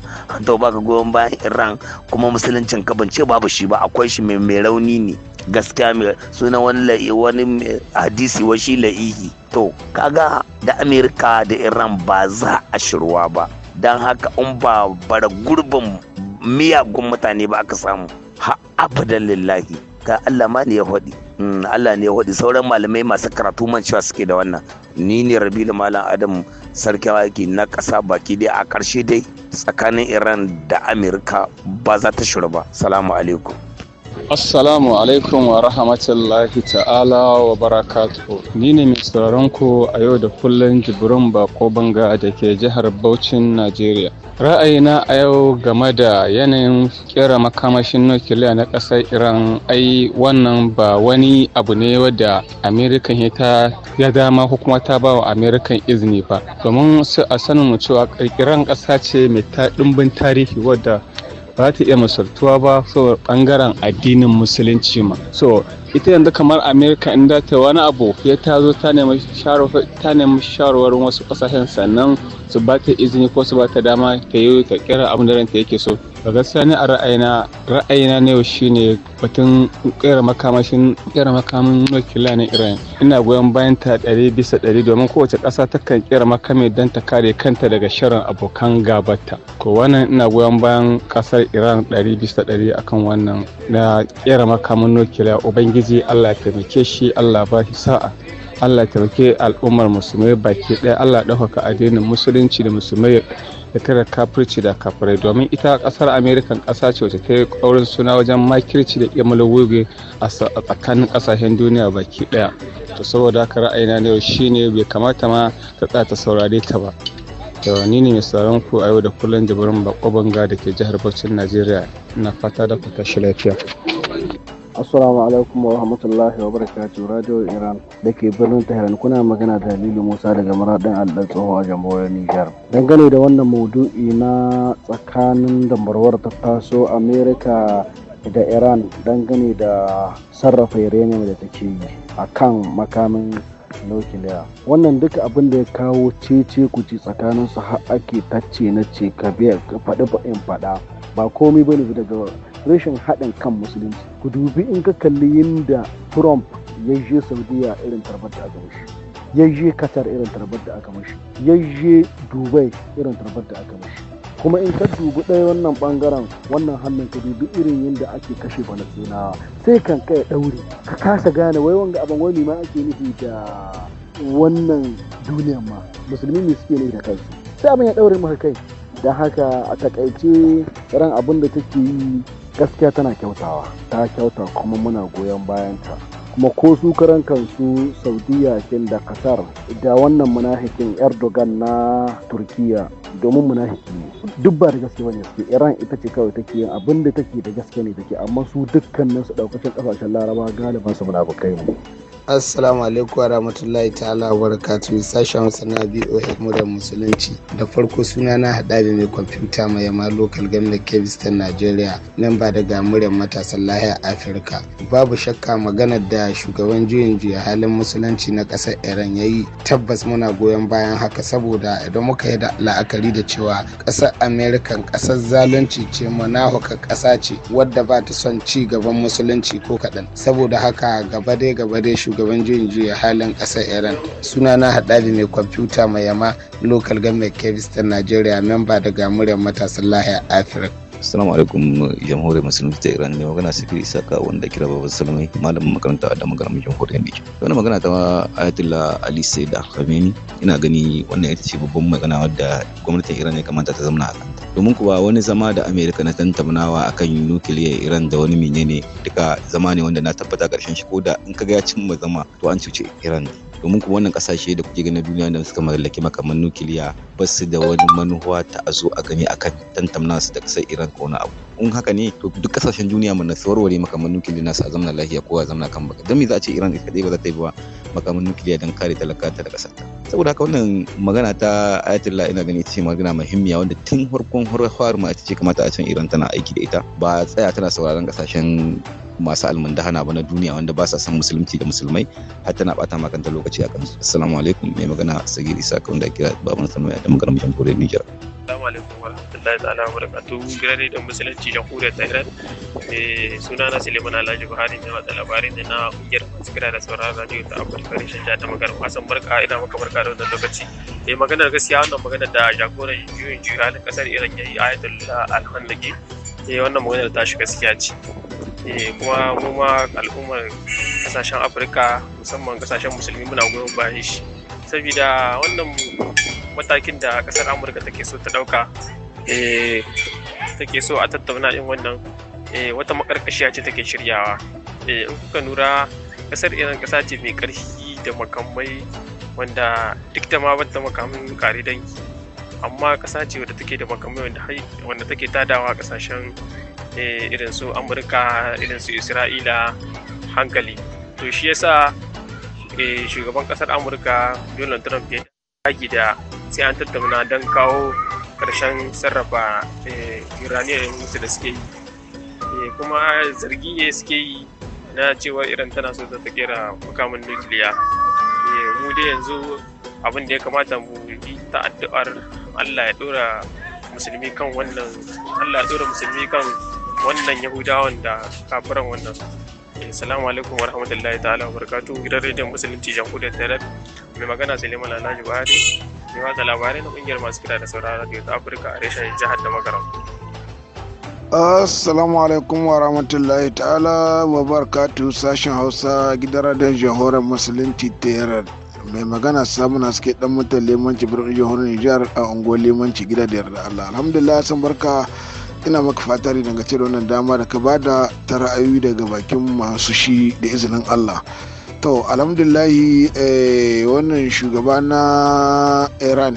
to baka goyon bayan iran kuma musuluncin ka bance babu shi ba akwai shi mai rauni ne gaskiya mai suna wani wani hadisi wa shi la'ihi to kaga da amerika da iran ba za a shirwa ba don haka in ba bara gurbin miyagun mutane ba aka samu ha abadan lillahi ga allah ma ne ya faɗi Mm, Allah ne waɗi sauran malamai masu karatu man cewa suke da wannan ni ne rabi da malam adam sarkin aiki na ƙasa baki dai a ƙarshe dai tsakanin iran da amurka ba za ta shiru ba salamu alaikum Assalamu alaikum wa rahmatullahi ta'ala wa barakatuhu. Ni ne mai sauraron ku a yau da kullum jibrin bako banga da ke jihar Bauchin, Najeriya. Ra'ayina a yau game da yanayin kera makamashin nukiliya na ƙasar Iran ai wannan ba wani abu ne wadda Amerikan ta ya dama ko kuma ta ba wa Amerikan izini ba. Domin su a sanin mu cewa ƙirƙiran ƙasa ce mai ɗimbin tarihi wadda ba ta iya misaltuwa ba so bangaren addinin musulunci ma so ita yanzu kamar america in ta wani abu ya ta zo ta nemi shawarwar wasu kasashen sannan su ba ta izini ko su ba ta dama ta yi ta kira abin da ranta yake so ga gaskiya ne a ra'ayina ra'ayina ne yau shine batun kera makamashin kera makamin nukiliya na iran ina goyon bayan ta ɗari bisa ɗari domin kowace ƙasa takan kera makami don ta kare kanta daga shirin abokan gabata ko wannan ina goyon bayan ƙasar iran ɗari bisa ɗari akan wannan na kera makamin nukiliya ubangiji allah taimake shi allah ba shi sa'a Allah taimake al'ummar musulmai baki ɗaya Allah ɗaukaka addinin musulunci da musulmai da kare kafirci da kafirai domin ita kasar amerikan kasa ce wacce ta yi kaurin suna wajen makirci da ƙimalin wuge a tsakanin kasashen duniya baki ɗaya to saboda haka ra'ayina na yau shine bai kamata ma ta tsaya ta saurare ta ba to ni ne mai sauran ku a yau da kullum jibirin bako banga da ke jihar bauchin najeriya na fata da ku tashi lafiya Assalamu alaikum wa rahmatullahi wa barakatuh Radio Iran da ke birnin Tehran kuna magana da Halilu Musa daga maradin Allah tsoho a jamhuriyar niger Dangane da wannan maudu'i na tsakanin dambarwar ta taso america da Iran dangane da sarrafa uranium da take yi a kan makamin nukiliya. Wannan duka abin da ya kawo cece kuci tsakanin su har ake tacce na ce ka faɗi faɗin faɗa ba komai bane daga rashin haɗin kan musulunci ku dubi in ka kalli yadda trump ya je saudiya irin tarbar da aka mashi ya je qatar irin tarbar da aka mashi ya je dubai irin tarbar da aka mashi kuma in ka dubi ɗaya wannan ɓangaren wannan hannun ka dubi irin yadda ake kashe falastinawa sai kan kai ɗaure ka kasa gane wai wanga abin wani ma ake nufi da wannan duniyan ma musulmi ne suke ne da kai sai abin ya ɗaure maka kai don haka a takaice ran abin da take yi gaskiya tana kyautawa ta kyauta kuma muna goyon bayanta kuma ko su karan kansu saudiya kin da kasar da wannan munafikin erdogan na turkiya domin munafiki ne duk ba da gaske bane su iran ita ce kawai take yin abin da take da gaske ne take amma su dukkanin su daukacin kasashen laraba galiban su munafikai ne assalamu alaikum wa rahmatullahi ta'ala wa barakatuhu sashen sana na boh murar musulunci da farko suna na hada da mai kwamfuta mai yamma local government kevistan nigeria nan ba daga muryar matasan lahiyar afirka babu shakka maganar da shugaban juyin juya halin musulunci na kasar iran ya yi tabbas muna goyon bayan haka saboda idan muka yi la'akari da cewa kasar american kasar zalunci ce munafuka kasa ce wadda ba ta son ci gaban musulunci ko kaɗan saboda haka gaba dai gaba dai shugaban juyin juya halin ƙasar iran suna na haɗari mai kwamfuta mai yama local government kebis ta nigeria memba daga muryar matasan lahiyar afirka Assalamu alaikum jamhuriyar musulmi ta Iran ne magana sifir isaka wanda kira babu salmai malamin makaranta da magaram jamhuriyar ne Wannan magana ta Ayatollah Ali Saida Khamenei ina gani wannan ita ce babban magana wadda gwamnatin Iran ya kamata ta zamana a kan. domin kuwa wani zama da amerika na tantamnawa akan nukiliya iran da wani menene duka zama ne wanda na tabbata karshen shi ko da in kaga ya cimma zama to an cuce iran domin kuma wannan kasashe da kuke ganin duniya da suka mallaki makaman nukiliya ba su da wani manuwa ta a zo a gani akan tantamna su da kasar iran ko wani abu in haka ne to duk kasashen duniya mun na warware makaman nukiliya na sa zamna lafiya a zamna kan baka dan me za a ce Iran ita kadai ba za ta yi ba makaman nukiliya dan kare talaka ta da sarta saboda haka wannan magana ta ayatollah ina ganin ce magana muhimmiya wanda tun farkon harwar ma ita ce kamata a can Iran tana aiki da ita ba tsaya tana sauraron kasashen masu almundahana ba na duniya wanda ba sa san musulunci da musulmai har tana bata makanta lokaci a kansu assalamu alaikum mai magana sagir isa kawai da kira baban sanuwa da magana mutum kore nijar Assalamu alaikum wa rahmatullahi ta'ala wa barakatu. gidan da musulunci jamhuriyar ta Iran. Eh, suna na Suleiman Alhaji Buhari ne watsa labarai ne na kungiyar masu kira da sauran radio ta Afirka Rishin Ja ta Magarin Hassan Barka ina maka barka da wannan lokaci. Eh maganar gaskiya wannan magana da jagoran juyin juyin halin kasar Iran yayi Ayatollah Al-Hamdani. Eh wannan maganar ta shi gaskiya ce. Eh, kuma mu ma al'ummar kasashen Afirka musamman kasashen musulmi muna goyon bayan shi. saboda wannan matakin da kasar amurka take so ta dauka eh, take so a tattauna in wannan eh, wata makarkashiya ce take shiryawa eh, in kuka nura kasar iran kasa ce mai karfi da makamai wanda duk da ma bata makamin kare danki amma kasa ce wadda take da makamai wanda take tadawa kasashen irin su amurka irin su isra'ila hankali to shi yasa shugaban kasar amurka donald trump ya dage da sai an tattauna don kawo karshen sarrafa iraniya eh, musu da suke yi eh, kuma zargi ne suke yi na cewa iran tana so ta kera makamin nukiliya eh, mu dai yanzu abin da ya kamata mu yi ta addu'ar allah ya dora musulmi kan wannan allah ya dora musulmi kan wannan yahudawan da kafiran wannan Assalamu alaikum wa rahmatullahi ta'ala wa barakatuhu gidan rediyon musulunci jamhuriyar Tarab mai magana Suleiman Alhaji Buhari mai watsa labarai na kungiyar masu kira da sauraron radio ta Afirka a reshen jihar da magaram. Assalamu alaikum wa rahmatullahi ta'ala wa barakatuhu sashen Hausa gidan radiyon jamhuriyar musulunci Tarab mai magana na haske dan mutan limanci birnin jihar Nijar a unguwar limanci gida da yarda Allah alhamdulillah san barka ina maka fata daga dangace da wannan dama da ka ba da ta ra'ayoyi daga bakin masu shi da izinin Allah to alhamdulahi eh, wannan shugaba na iran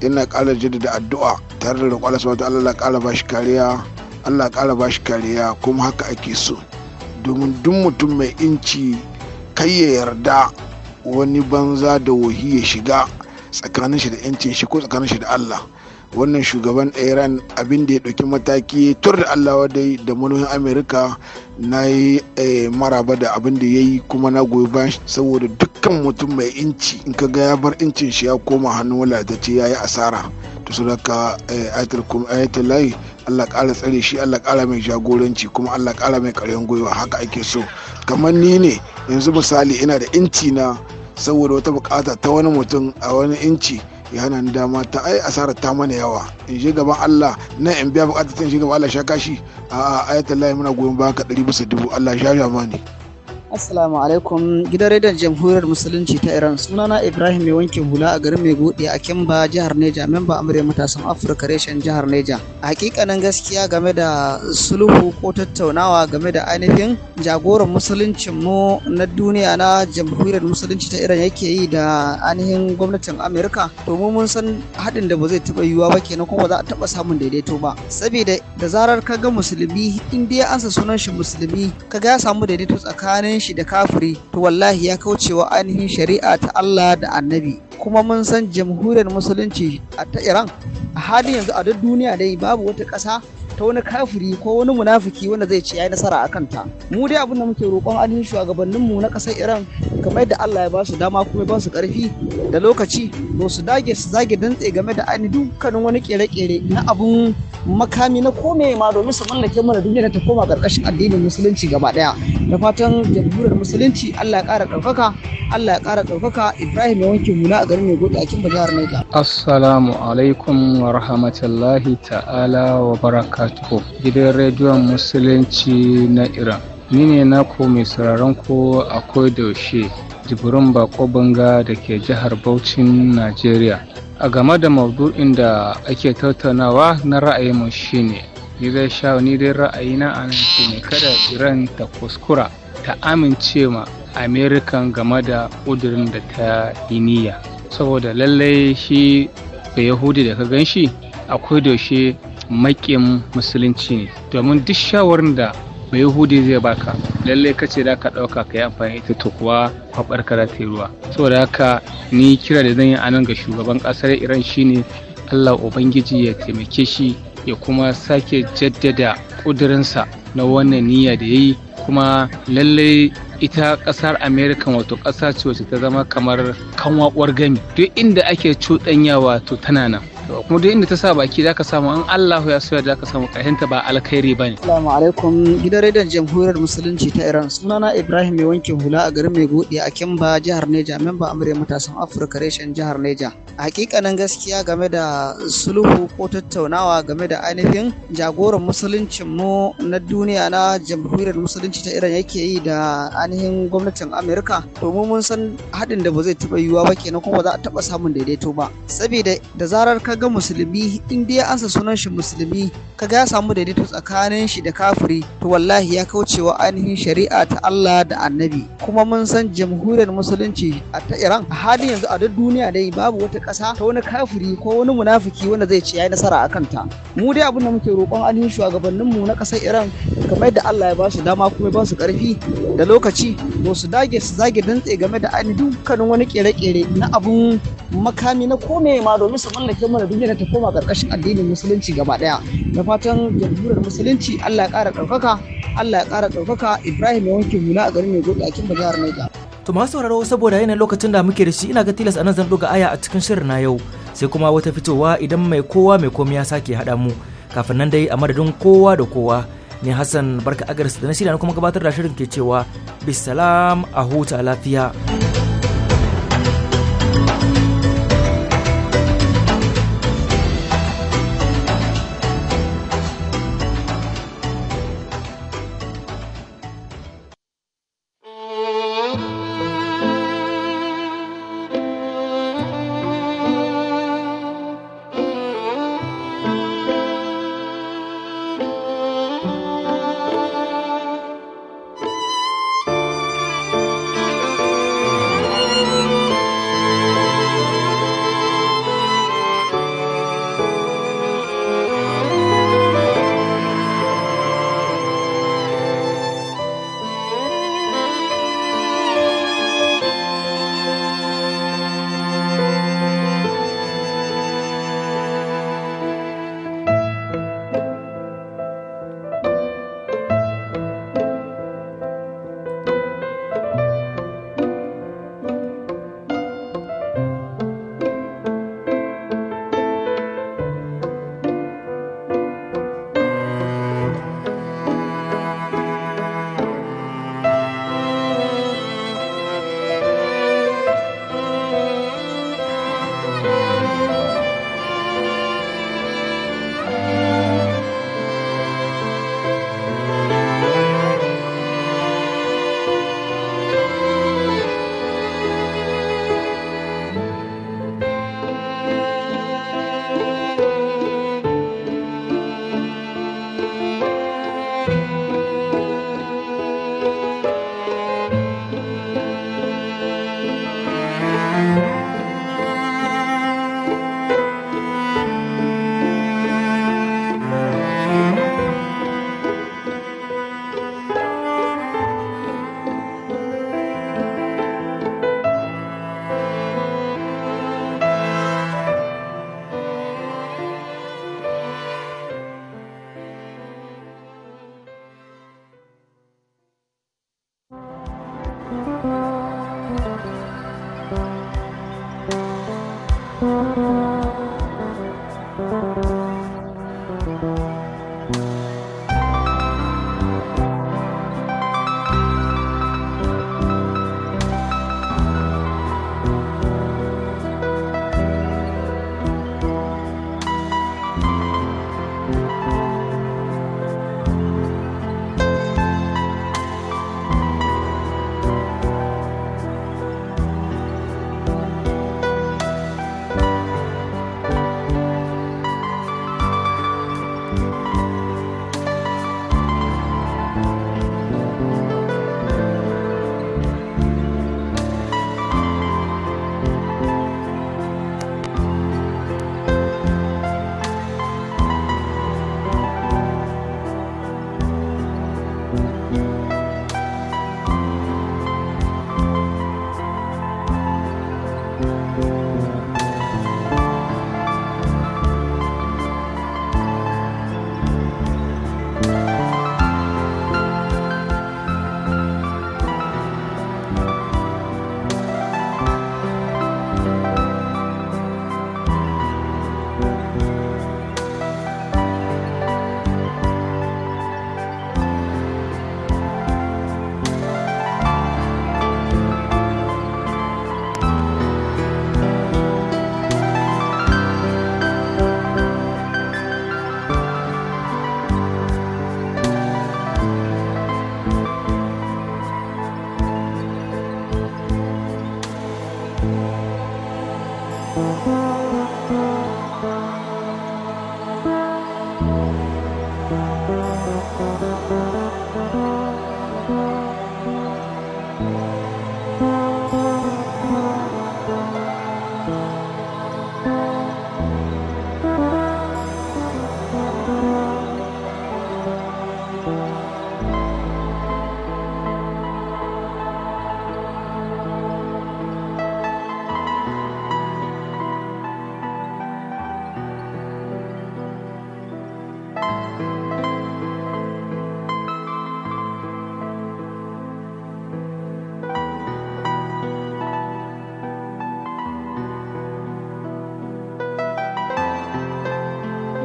ina kara jaddada addu'a tare da roƙon Allah Allah kara bashi kariya Allah kara bashi kariya kuma haka ake so domin duk mutum mai inci kai ya yarda wani banza da wahi ya shiga tsakanin shi da yancin shi ko tsakanin shi da Allah wannan shugaban iran abin da ya ɗauki mataki tur da allah dai da manoyin amerika na yi eh, maraba da abin da ya yi kuma na goyi bayan saboda dukkan mutum mai inci in ka ga ya bar incin shi ya koma hannun wadatacce ya yi asara to sadaka eh, ayatul layi allah ƙara tsare shi allah ƙara mai jagoranci kuma allah ƙara mai ƙarfin gwiwa haka ake so kamar ni ne yanzu misali ina da inci na saboda wata bukata ta wani mutum a wani inci ya hana ni dama ta ai asara ta mana yawa in je gaban Allah na in biya bukatar in je gaban Allah sha kashi a ayatullahi muna goyon baka 100 bisa dubu Allah sha sha mani Assalamu alaikum gidan rediyon jamhuriyar musulunci ta Iran sunana Ibrahim mai wanke hula a garin Maigode a Kimba jihar Neja memba amurya matasan Afirka reshen jihar Neja. Hakikanin gaskiya game da sulhu ko tattaunawa game da ainihin jagoran musuluncin mu na duniya na jamhuriyar musulunci ta Iran yake yi da ainihin gwamnatin Amerika domin mun san haɗin da ba zai taɓa yiwuwa ba kenan kuma ba za a taɓa samun daidaito ba. Saboda da zarar ka ga musulmi in dai an sa sunan shi musulmi kaga ya samu daidaito tsakanin tsakanin shi da kafiri to wallahi ya kaucewa ainihin shari'a ta Allah da annabi kuma mun san jamhuriyar musulunci a ta Iran a halin yanzu a duk duniya dai babu wata ƙasa ta wani kafiri ko wani munafiki wanda zai ce ya nasara a kanta mu dai abin da muke roƙon ainihin shugabannin mu na ƙasar iran kamar da allah ya ba su dama kuma ya ba su ƙarfi da lokaci to su dage su zage dantse game da ainihin dukkanin wani ƙere-ƙere na abun makami na kome ma domin su mallake mana duniya ta koma karkashin addinin musulunci gaba daya da fatan jamhuriyar musulunci Allah ya ƙara ƙarfaka Allah ya ƙara ɗaukaka Ibrahim ya wanke hula a garin mai Maigode a Kimba jihar Niger. Assalamu alaikum wa rahmatullahi ta'ala wa barakatuhu. Gidan rediyon Musulunci na Iran. Ni ne naku mai sauraron ko da kodayaushe Jibrin Bako Banga da ke jihar Bauchin, Najeriya. a game da maudu'in da ake tattaunawa na mu shine ni dai sha ni dai ra'ayina a nan shine kada iran ta kuskura ta amince ma amerikan game da ƙudurin da ta yi niyya saboda lallai shi da yahudi da ka gan shi akwai doshe maƙin musulunci ne domin duk shawarar da Mai yahudi zai baka lallai ka ce ka ɗauka ka yi amfani ita ta kuwa kwabar ka ta yi ruwa saboda haka ni kira da zan yi anan ga shugaban ƙasar iran shine allah ubangiji ya taimake shi ya kuma sake jaddada ƙudurinsa na wannan niyya da ya yi kuma lallai ita kasar america wato kasa ce wacce ta zama kamar kanwa gami duk inda ake cuɗanyawa wato tana nan kuma duk inda ta sa baki zaka samu an Allah ya so zaka samu ta ba alkhairi bane assalamu alaikum gidan rediyon jamhuriyar musulunci ta Iran sunana Ibrahim mai wankin hula a garin mai godi a Kimba jihar Neja memba amure matasan Afirka reshen jihar Neja hakikanin gaskiya game da sulhu ko tattaunawa game da ainihin jagoran musuluncin mu na duniya na jamhuriyar musulunci ta Iran yake yi da ainihin gwamnatin Amurka? domin mun san haɗin da ba zai taɓa yiwuwa ba kenan kuma ba za a taɓa samun daidaito ba saboda da zarar ka ga musulmi in dai ansa sunan shi musulmi kaga ya samu daidaito tsakanin shi da kafiri to wallahi ya kaucewa ainihin shari'a ta Allah da Annabi kuma mun san jamhuriyar musulunci a ta Iran a halin yanzu a duk duniya dai babu wata ƙasa ta wani kafiri ko wani munafiki wanda zai ce yayi nasara akan ta mu dai abin da muke roƙon ainihin shugabannin mu na ƙasar Iran kamar da Allah ya ba su dama kuma ya ba su ƙarfi da lokaci to su dage su zage dantse game da ainihin dukkanin wani kere-kere na abun makami na kome ma domin su mallake mana duniya ta koma karkashin addinin musulunci gaba daya da fatan jamhuriyar musulunci Allah ya kara Allah ya kara Ibrahim ya wanke hula a garin Maiduguri a cikin jihar Niger to masu sauraro saboda yanayin lokacin da muke da shi ina ga tilas anan zan ɗoga aya a cikin shirin na yau sai kuma wata fitowa idan mai kowa mai komai ya sake haɗa mu kafin nan dai a madadin kowa da kowa ne Hassan barka agarsu da na shirya kuma gabatar da shirin ke cewa bisalam a huta lafiya.